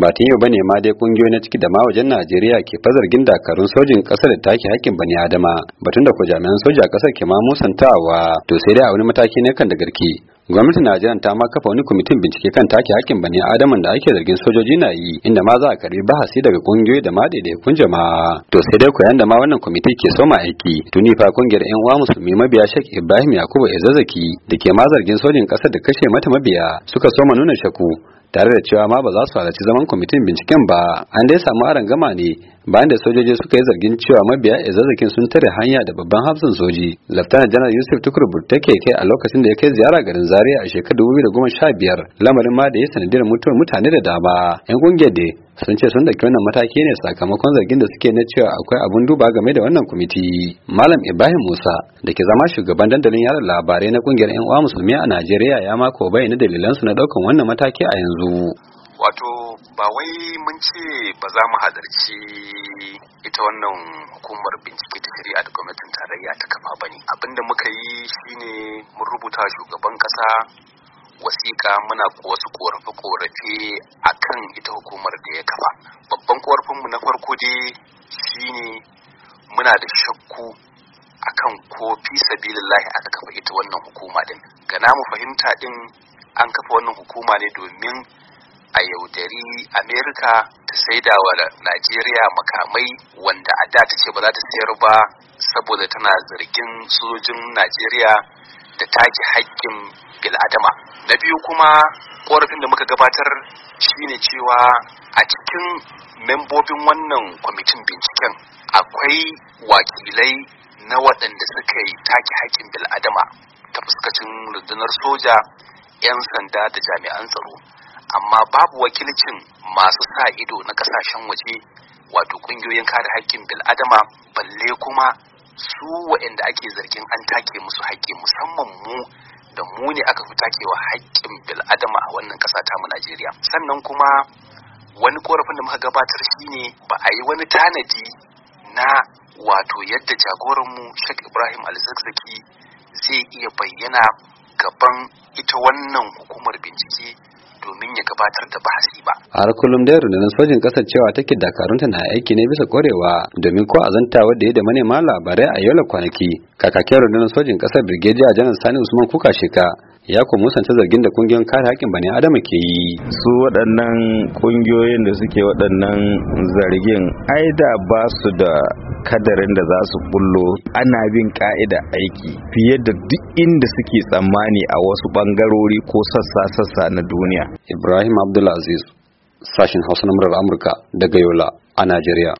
ba ta ba ne ma dai kungiyoyi na ciki da ma wajen Najeriya ke fazargin dakarun sojin kasar da take hakkin bani adama batun da ko jami'an soja kasar ke ma musantawa to sai dai a wani mataki ne kan da garki gwamnatin Najeriya ta ma kafa wani kwamitin bincike kan take hakkin bani adaman da ake zargin sojoji na yi inda ma za a karbi bahasi daga kungiyoyi da ma daidaikun jama'a to sai dai koyan da ma wannan kwamiti ke soma aiki tuni fa kungiyar yan uwa musulmi mabiya shek Ibrahim Yakubu Ezazaki da ke ma zargin sojin kasar da kashe mata mabiya suka soma nuna shaku tare da cewa ma ba za su halarci zaman kwamitin binciken ba an dai samu aron gama ne bayan da sojoji suka yi zargin cewa mabiya izazzakin sun tare hanya da babban hafsan soji laftanar janar yusuf tukur burtake kai a lokacin da ya kai ziyara garin zaria a shekarar 2015 lamarin ma da ya sanadiyar mutuwar mutane da dama yan kungiyar da sun ce sun dauki wannan mataki ne sakamakon zargin da suke na cewa akwai abun duba game da wannan kwamiti malam ibrahim musa da ke zama shugaban dandalin yaran labarai na kungiyar yan uwa musulmi a najeriya ya mako bayyana dalilansu na daukan wannan mataki a yanzu wato ba wai mun ce ba za mu hadarci ita wannan hukumar bincike ta shari'a da gwamnatin tarayya ta kafa ba ne abinda muka yi shine mun rubuta shugaban kasa wasiƙa muna wasu korafe-korafe a kan ita hukumar da ya kafa babban korafinmu na farko dai shine muna da shakku a kan ko fi sabilillahi aka kafa ita wannan hukuma din Gana namu fahimta din an kafa wannan hukuma ne domin a yaudari amerika ta saida wa najeriya makamai wanda a da ta ce ba za ta sayar ba saboda tana zargin sojin najeriya da take haƙƙin bil'adama na biyu kuma korafin da muka gabatar shine cewa a cikin membobin wannan kwamitin binciken akwai wakilai na waɗanda suka yi take haƙƙin bil'adama ta fuskacin rundunar soja 'yan sanda da jami'an tsaro amma babu wakilcin masu sa ido na ƙasashen waje wato ƙungiyoyin kare haƙƙin bil'adama balle kuma su waɗanda ake zargin an take musu haƙƙi musamman mu da mu ne aka fi takewa haƙƙin bil'adama a wannan ƙasa ta mu Najeriya sannan kuma wani korafin da muka gabatar shi ne ba a yi wani tanadi na wato yadda jagoran mu Sheikh Ibrahim Alzakzaki zai iya bayyana gaban ita wannan hukumar bincike domin ya gabatar da bahasi ba. Har kullum da rundunar sojin kasar cewa take dakarunta na aiki ne bisa korewa domin ko azanta wadda ya da manema labarai a yola kwanaki. Kakakin rundunar sojin kasar Birgejiya Janar Sani Usman Kuka Sheka ya kuma musanta zargin da kungiyoyin kare haƙƙin bani adama ke yi su waɗannan kungiyoyin da suke waɗannan zargin ai da ba su da kadarin da za su bullo ana bin ka'ida aiki fiye da duk inda suke tsammani a wasu bangarori ko sassa-sassa na duniya ibrahim abdulaziz sashin hausa na amurka daga yola a najeriya